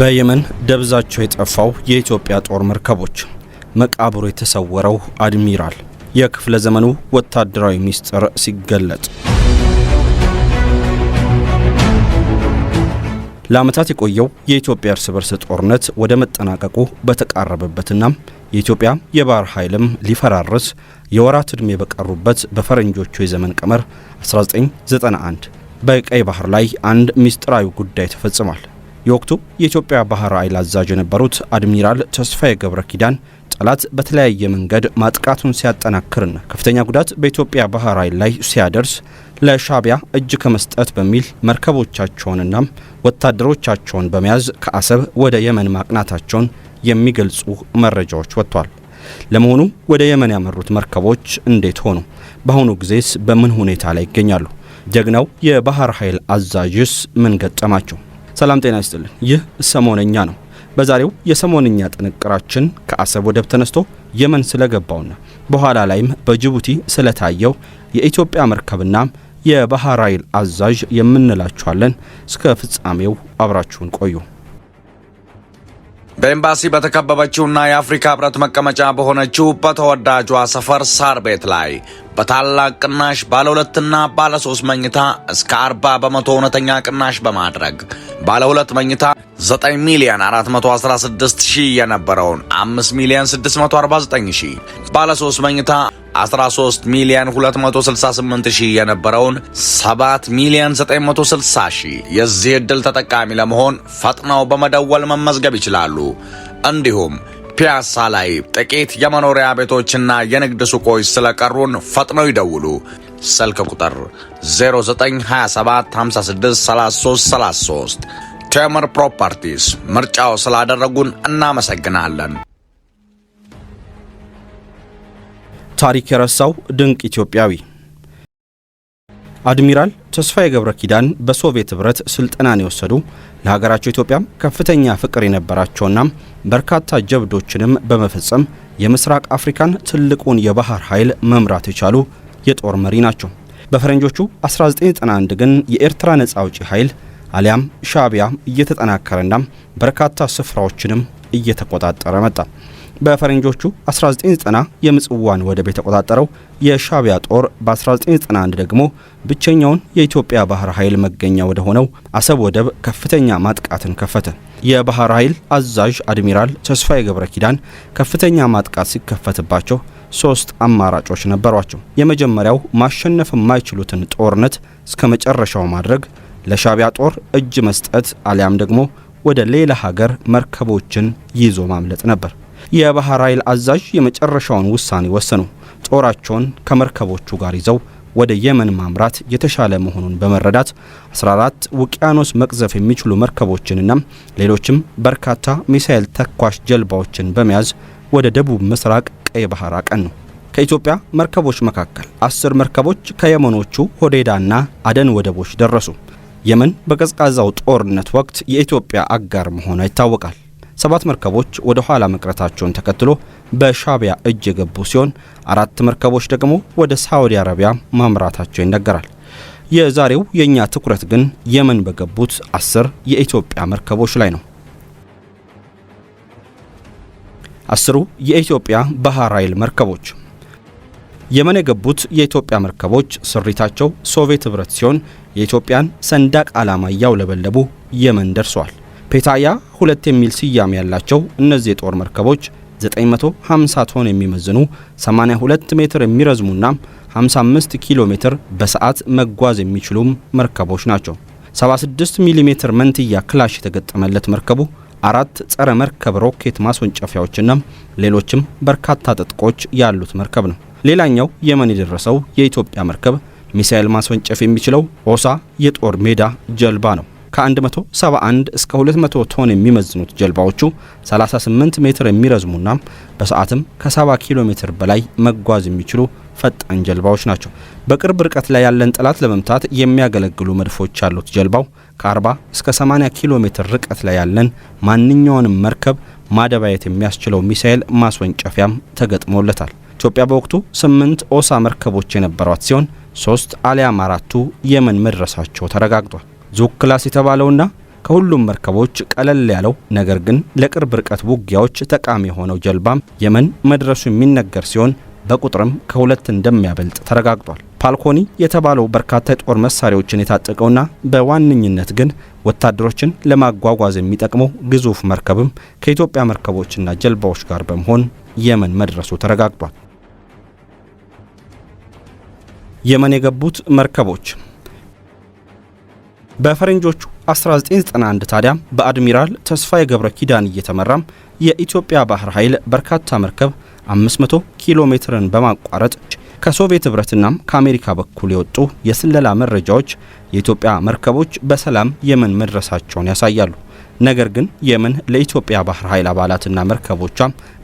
በየመን ደብዛቸው የጠፋው የኢትዮጵያ ጦር መርከቦች መቃብሩ የተሰወረው አድሚራል የክፍለ ዘመኑ ወታደራዊ ሚስጥር ሲገለጥ ለዓመታት የቆየው የኢትዮጵያ እርስ በርስ ጦርነት ወደ መጠናቀቁ በተቃረበበትና የኢትዮጵያ የባህር ኃይልም ሊፈራርስ የወራት ዕድሜ በቀሩበት በፈረንጆቹ የዘመን ቀመር 1991 በቀይ ባህር ላይ አንድ ሚስጥራዊ ጉዳይ ተፈጽሟል። የወቅቱ የኢትዮጵያ ባህር ኃይል አዛዥ የነበሩት አድሚራል ተስፋዬ ገብረ ኪዳን ጠላት በተለያየ መንገድ ማጥቃቱን ሲያጠናክርና ከፍተኛ ጉዳት በኢትዮጵያ ባህር ኃይል ላይ ሲያደርስ ለሻቢያ እጅ ከመስጠት በሚል መርከቦቻቸውንና ወታደሮቻቸውን በመያዝ ከአሰብ ወደ የመን ማቅናታቸውን የሚገልጹ መረጃዎች ወጥቷል። ለመሆኑ ወደ የመን ያመሩት መርከቦች እንዴት ሆኑ? በአሁኑ ጊዜስ በምን ሁኔታ ላይ ይገኛሉ? ጀግናው የባህር ኃይል አዛዥስ ምን ገጠማቸው? ሰላም ጤና ይስጥልን። ይህ ሰሞነኛ ነው። በዛሬው የሰሞነኛ ጥንቅራችን ከአሰብ ወደብ ተነስቶ የመን ስለገባውና በኋላ ላይም በጅቡቲ ስለታየው የኢትዮጵያ መርከብና የባህር ኃይል አዛዥ የምንላችኋለን። እስከ ፍጻሜው አብራችሁን ቆዩ። በኤምባሲ በተከበበችውና የአፍሪካ ህብረት መቀመጫ በሆነችው በተወዳጇ ሰፈር ሳር ቤት ላይ በታላቅ ቅናሽ ባለ ሁለትና ባለ ሶስት መኝታ እስከ አርባ በመቶ እውነተኛ ቅናሽ በማድረግ ባለ ሁለት መኝታ 9 ሚሊዮን 416 ሺህ የነበረውን 5 ሚሊዮን 649 ሺህ፣ ባለ 3 መኝታ 13 ሚሊዮን 268 ሺህ የነበረውን 7 ሚሊዮን 960 ሺህ። የዚህ ዕድል ተጠቃሚ ለመሆን ፈጥነው በመደወል መመዝገብ ይችላሉ። እንዲሁም ፒያሳ ላይ ጥቂት የመኖሪያ ቤቶችና የንግድ ሱቆች ስለቀሩን ፈጥነው ይደውሉ። ስልክ ቁጥር 0927563333 ቴምር ፕሮፐርቲስ ምርጫው ስላደረጉን እናመሰግናለን። ታሪክ የረሳው ድንቅ ኢትዮጵያዊ አድሚራል ተስፋዬ ገብረ ኪዳን በሶቪየት ኅብረት ስልጠናን የወሰዱ ለሀገራቸው ኢትዮጵያም ከፍተኛ ፍቅር የነበራቸውና በርካታ ጀብዶችንም በመፈጸም የምስራቅ አፍሪካን ትልቁን የባህር ኃይል መምራት የቻሉ የጦር መሪ ናቸው። በፈረንጆቹ 1991 ግን የኤርትራ ነጻ አውጪ ኃይል አሊያም ሻቢያ እየተጠናከረና በርካታ ስፍራዎችንም እየተቆጣጠረ መጣ። በፈረንጆቹ 1990 የምጽዋን ወደብ የተቆጣጠረው የሻቢያ ጦር በ1991 ደግሞ ብቸኛውን የኢትዮጵያ ባህር ኃይል መገኛ ወደ ሆነው አሰብ ወደብ ከፍተኛ ማጥቃትን ከፈተ። የባህር ኃይል አዛዥ አድሚራል ተስፋዬ ገብረ ኪዳን ከፍተኛ ማጥቃት ሲከፈትባቸው ሶስት አማራጮች ነበሯቸው። የመጀመሪያው ማሸነፍ የማይችሉትን ጦርነት እስከ መጨረሻው ማድረግ፣ ለሻቢያ ጦር እጅ መስጠት አሊያም ደግሞ ወደ ሌላ ሀገር መርከቦችን ይዞ ማምለጥ ነበር። የባህር ኃይል አዛዥ የመጨረሻውን ውሳኔ ወሰኑ። ጦራቸውን ከመርከቦቹ ጋር ይዘው ወደ የመን ማምራት የተሻለ መሆኑን በመረዳት 14 ውቅያኖስ መቅዘፍ የሚችሉ መርከቦችንና ሌሎችም በርካታ ሚሳኤል ተኳሽ ጀልባዎችን በመያዝ ወደ ደቡብ ምስራቅ ቀይ ባህር አቀኑ። ከኢትዮጵያ መርከቦች መካከል አስር መርከቦች ከየመኖቹ ሆዴዳና አደን ወደቦች ደረሱ። የመን በቀዝቃዛው ጦርነት ወቅት የኢትዮጵያ አጋር መሆኗ ይታወቃል። ሰባት መርከቦች ወደ ኋላ መቅረታቸውን ተከትሎ በሻቢያ እጅ የገቡ ሲሆን አራት መርከቦች ደግሞ ወደ ሳዑዲ አረቢያ ማምራታቸው ይነገራል። የዛሬው የእኛ ትኩረት ግን የመን በገቡት አስር የኢትዮጵያ መርከቦች ላይ ነው። አስሩ የኢትዮጵያ ባህር ኃይል መርከቦች የመን የገቡት የኢትዮጵያ መርከቦች ስሪታቸው ሶቪየት ኅብረት ሲሆን የኢትዮጵያን ሰንደቅ ዓላማ እያውለበለቡ የመን ደርሰዋል። ፔታያ ሁለት የሚል ስያሜ ያላቸው እነዚህ የጦር መርከቦች 950 ቶን የሚመዝኑ 82 ሜትር የሚረዝሙና 55 ኪሎ ሜትር በሰዓት መጓዝ የሚችሉም መርከቦች ናቸው። 76 ሚሊ ሜትር መንትያ ክላሽ የተገጠመለት መርከቡ አራት ጸረ መርከብ ሮኬት ማስወንጨፊያዎችና ሌሎችም በርካታ ጥጥቆች ያሉት መርከብ ነው። ሌላኛው የመን የደረሰው የኢትዮጵያ መርከብ ሚሳኤል ማስወንጨፍ የሚችለው ኦሳ የጦር ሜዳ ጀልባ ነው። ከ171 እስከ 200 ቶን የሚመዝኑት ጀልባዎቹ 38 ሜትር የሚረዝሙና በሰዓትም ከ70 ኪሎ ሜትር በላይ መጓዝ የሚችሉ ፈጣን ጀልባዎች ናቸው። በቅርብ ርቀት ላይ ያለን ጠላት ለመምታት የሚያገለግሉ መድፎች ያሉት ጀልባው ከ40 እስከ 80 ኪሎ ሜትር ርቀት ላይ ያለን ማንኛውንም መርከብ ማደባየት የሚያስችለው ሚሳኤል ማስወንጨፊያም ተገጥሞለታል። ኢትዮጵያ በወቅቱ ስምንት ኦሳ መርከቦች የነበሯት ሲሆን ሶስት አሊያም አራቱ የመን መድረሳቸው ተረጋግጧል። ዙክ ክላስ የተባለውና ከሁሉም መርከቦች ቀለል ያለው ነገር ግን ለቅርብ ርቀት ውጊያዎች ጠቃሚ የሆነው ጀልባም የመን መድረሱ የሚነገር ሲሆን በቁጥርም ከሁለት እንደሚያበልጥ ተረጋግጧል። ፓልኮኒ የተባለው በርካታ የጦር መሳሪያዎችን የታጠቀውና በዋነኝነት ግን ወታደሮችን ለማጓጓዝ የሚጠቅመው ግዙፍ መርከብም ከኢትዮጵያ መርከቦችና ጀልባዎች ጋር በመሆን የመን መድረሱ ተረጋግጧል። የመን የገቡት መርከቦች በፈረንጆቹ 1991 ታዲያ በአድሚራል ተስፋዬ ገብረ ኪዳን እየተመራ የኢትዮጵያ ባህር ኃይል በርካታ መርከብ 500 ኪሎ ሜትርን በማቋረጥ ከሶቪየት ኅብረትናም ከአሜሪካ በኩል የወጡ የስለላ መረጃዎች የኢትዮጵያ መርከቦች በሰላም የመን መድረሳቸውን ያሳያሉ። ነገር ግን የመን ለኢትዮጵያ ባህር ኃይል አባላትና መርከቦቿ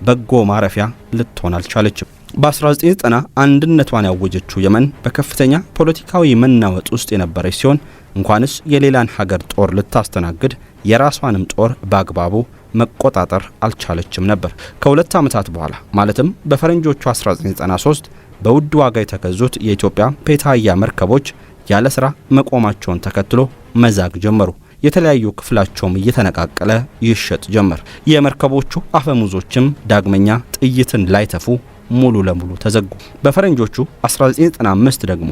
በጎ ማረፊያ ልትሆን አልቻለችም። በ1990 አንድነቷን ያወጀችው የመን በከፍተኛ ፖለቲካዊ መናወጥ ውስጥ የነበረች ሲሆን እንኳንስ የሌላን ሀገር ጦር ልታስተናግድ የራሷንም ጦር በአግባቡ መቆጣጠር አልቻለችም ነበር። ከሁለት ዓመታት በኋላ ማለትም በፈረንጆቹ 1993 በውድ ዋጋ የተገዙት የኢትዮጵያ ፔታያ መርከቦች ያለ ስራ መቆማቸውን ተከትሎ መዛግ ጀመሩ። የተለያዩ ክፍላቸውም እየተነቃቀለ ይሸጥ ጀመር። የመርከቦቹ አፈሙዞችም ዳግመኛ ጥይትን ላይተፉ ሙሉ ለሙሉ ተዘጉ። በፈረንጆቹ 1995 ደግሞ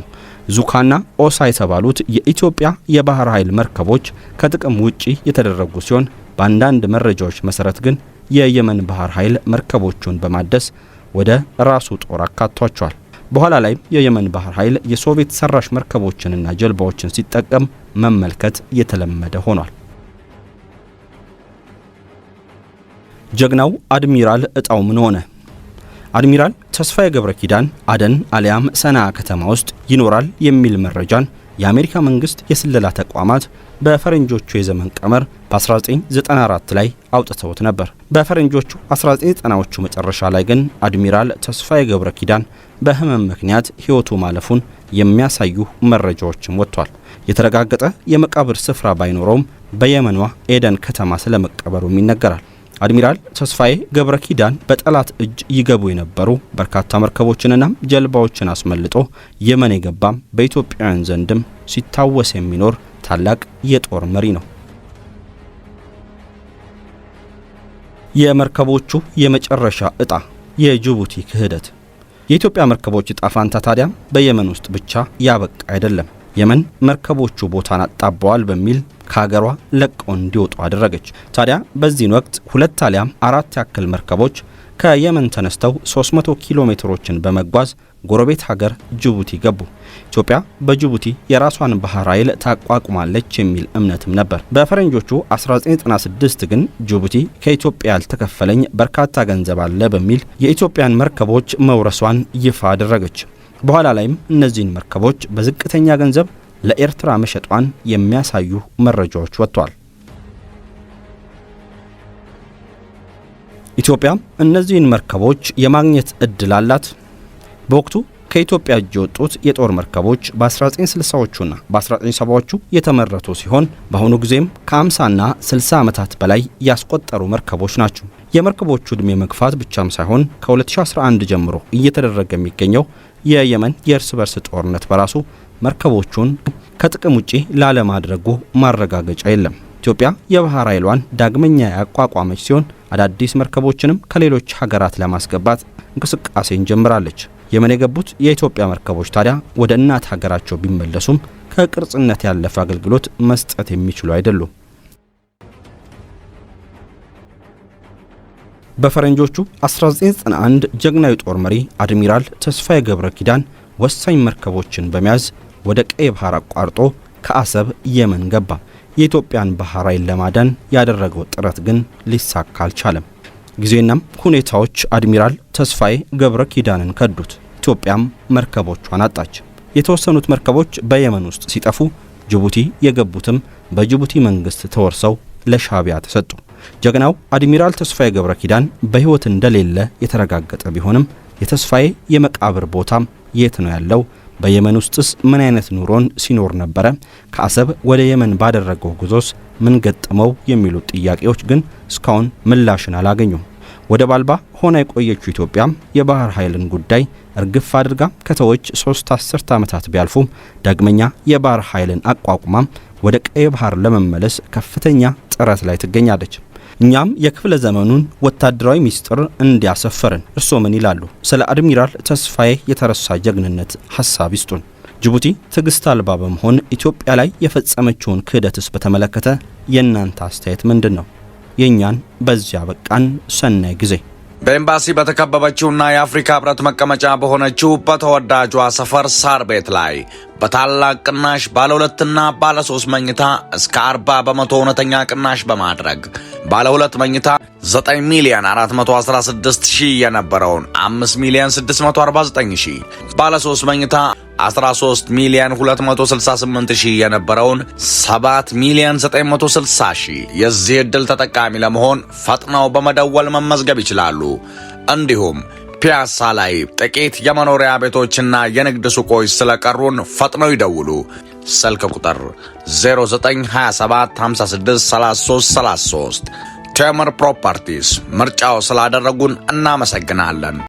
ዙካና ኦሳ የተባሉት የኢትዮጵያ የባህር ኃይል መርከቦች ከጥቅም ውጪ የተደረጉ ሲሆን በአንዳንድ መረጃዎች መሰረት ግን የየመን ባህር ኃይል መርከቦቹን በማደስ ወደ ራሱ ጦር አካቷቸዋል። በኋላ ላይም የየመን ባህር ኃይል የሶቪየት ሰራሽ መርከቦችንና ጀልባዎችን ሲጠቀም መመልከት የተለመደ ሆኗል። ጀግናው አድሚራል እጣው ምን ሆነ? አድሚራል ተስፋዬ ገብረ ኪዳን አደን አሊያም ሰና ከተማ ውስጥ ይኖራል የሚል መረጃን የአሜሪካ መንግስት የስለላ ተቋማት በፈረንጆቹ የዘመን ቀመር በ1994 ላይ አውጥተውት ነበር። በፈረንጆቹ 1990ዎቹ መጨረሻ ላይ ግን አድሚራል ተስፋዬ ገብረ ኪዳን በህመም ምክንያት ህይወቱ ማለፉን የሚያሳዩ መረጃዎችም ወጥቷል። የተረጋገጠ የመቃብር ስፍራ ባይኖረውም በየመኗ ኤደን ከተማ ስለመቀበሩም ይነገራል። አድሚራል ተስፋዬ ገብረ ኪዳን በጠላት እጅ ይገቡ የነበሩ በርካታ መርከቦችንና ጀልባዎችን አስመልጦ የመን የገባም በኢትዮጵያውያን ዘንድም ሲታወስ የሚኖር ታላቅ የጦር መሪ ነው። የመርከቦቹ የመጨረሻ እጣ የጅቡቲ ክህደት። የኢትዮጵያ መርከቦች ጣፋንታ ፋንታ ታዲያ በየመን ውስጥ ብቻ ያበቃ አይደለም። የመን መርከቦቹ ቦታን አጣበዋል በሚል ከሀገሯ ለቀው እንዲወጡ አደረገች። ታዲያ በዚህን ወቅት ሁለት አሊያም አራት ያክል መርከቦች ከየመን ተነስተው 300 ኪሎ ሜትሮችን በመጓዝ ጎረቤት ሀገር ጅቡቲ ገቡ። ኢትዮጵያ በጅቡቲ የራሷን ባህር ኃይል ታቋቁማለች የሚል እምነትም ነበር። በፈረንጆቹ 1996 ግን ጅቡቲ ከኢትዮጵያ ያልተከፈለኝ በርካታ ገንዘብ አለ በሚል የኢትዮጵያን መርከቦች መውረሷን ይፋ አደረገች። በኋላ ላይም እነዚህን መርከቦች በዝቅተኛ ገንዘብ ለኤርትራ መሸጧን የሚያሳዩ መረጃዎች ወጥቷል። ኢትዮጵያ እነዚህን መርከቦች የማግኘት እድል አላት። በወቅቱ ከኢትዮጵያ እጅ የወጡት የጦር መርከቦች በ1960ዎቹና በ1970ዎቹ የተመረቱ ሲሆን በአሁኑ ጊዜም ከ50ና 60 ዓመታት በላይ ያስቆጠሩ መርከቦች ናቸው። የመርከቦቹ ዕድሜ መግፋት ብቻም ሳይሆን ከ2011 ጀምሮ እየተደረገ የሚገኘው የየመን የእርስ በርስ ጦርነት በራሱ መርከቦቹን ከጥቅም ውጪ ላለማድረጉ ማረጋገጫ የለም። ኢትዮጵያ የባህር ኃይሏን ዳግመኛ ያቋቋመች ሲሆን አዳዲስ መርከቦችንም ከሌሎች ሀገራት ለማስገባት እንቅስቃሴን ጀምራለች። የመን የገቡት የኢትዮጵያ መርከቦች ታዲያ ወደ እናት ሀገራቸው ቢመለሱም ከቅርጽነት ያለፈ አገልግሎት መስጠት የሚችሉ አይደሉም። በፈረንጆቹ 1991 ጀግናዊ ጦር መሪ አድሚራል ተስፋዬ ገብረ ኪዳን ወሳኝ መርከቦችን በመያዝ ወደ ቀይ ባህር አቋርጦ ከአሰብ የመን ገባ። የኢትዮጵያን ባህር ኃይል ለማዳን ያደረገው ጥረት ግን ሊሳካ አልቻለም። ጊዜናም ሁኔታዎች አድሚራል ተስፋዬ ገብረ ኪዳንን ከዱት። ኢትዮጵያም መርከቦቿን አጣች። የተወሰኑት መርከቦች በየመን ውስጥ ሲጠፉ ጅቡቲ የገቡትም በጅቡቲ መንግስት ተወርሰው ለሻቢያ ተሰጡ። ጀግናው አድሚራል ተስፋዬ ገብረ ኪዳን በሕይወት እንደሌለ የተረጋገጠ ቢሆንም የተስፋዬ የመቃብር ቦታም የት ነው ያለው በየመን ውስጥስ ምን አይነት ኑሮን ሲኖር ነበረ? ከአሰብ ወደ የመን ባደረገው ጉዞስ ምን ገጠመው? የሚሉት ጥያቄዎች ግን እስካሁን ምላሽን አላገኙም። ወደብ አልባ ሆና የቆየችው ኢትዮጵያ የባህር ኃይልን ጉዳይ እርግፍ አድርጋ ከተዎች ሶስት አስርት ዓመታት ቢያልፉም ዳግመኛ የባህር ኃይልን አቋቁማም ወደ ቀይ ባህር ለመመለስ ከፍተኛ ጥረት ላይ ትገኛለች። እኛም የክፍለ ዘመኑን ወታደራዊ ሚስጥር እንዲያሰፈርን። እርስዎ ምን ይላሉ? ስለ አድሚራል ተስፋዬ የተረሳ ጀግንነት ሀሳብ ይስጡን። ጅቡቲ ትዕግስት አልባ በመሆን ኢትዮጵያ ላይ የፈጸመችውን ክህደትስ በተመለከተ የእናንተ አስተያየት ምንድን ነው? የእኛን በዚያ በቃን። ሰናይ ጊዜ በኤምባሲ በተከበበችውና የአፍሪካ ህብረት መቀመጫ በሆነችው በተወዳጇ ሰፈር ሳር ቤት ላይ በታላቅ ቅናሽ ባለ ሁለትና ባለ ሶስት መኝታ እስከ አርባ በመቶ እውነተኛ ቅናሽ በማድረግ ባለ ሁለት መኝታ 9 ሚሊዮን 416 ሺህ የነበረውን 5 ሚሊዮን 649 ሺህ፣ ባለ 3 መኝታ 13 ሚሊዮን 268 ሺህ የነበረውን 7 ሚሊዮን 960 ሺህ። የዚህ ዕድል ተጠቃሚ ለመሆን ፈጥነው በመደወል መመዝገብ ይችላሉ። እንዲሁም ፒያሳ ላይ ጥቂት የመኖሪያ ቤቶችና የንግድ ሱቆች ስለቀሩን ፈጥነው ይደውሉ። ስልክ ቁጥር 0927563333 ቴምር ፕሮፐርቲስ ምርጫው ስላደረጉን እናመሰግናለን።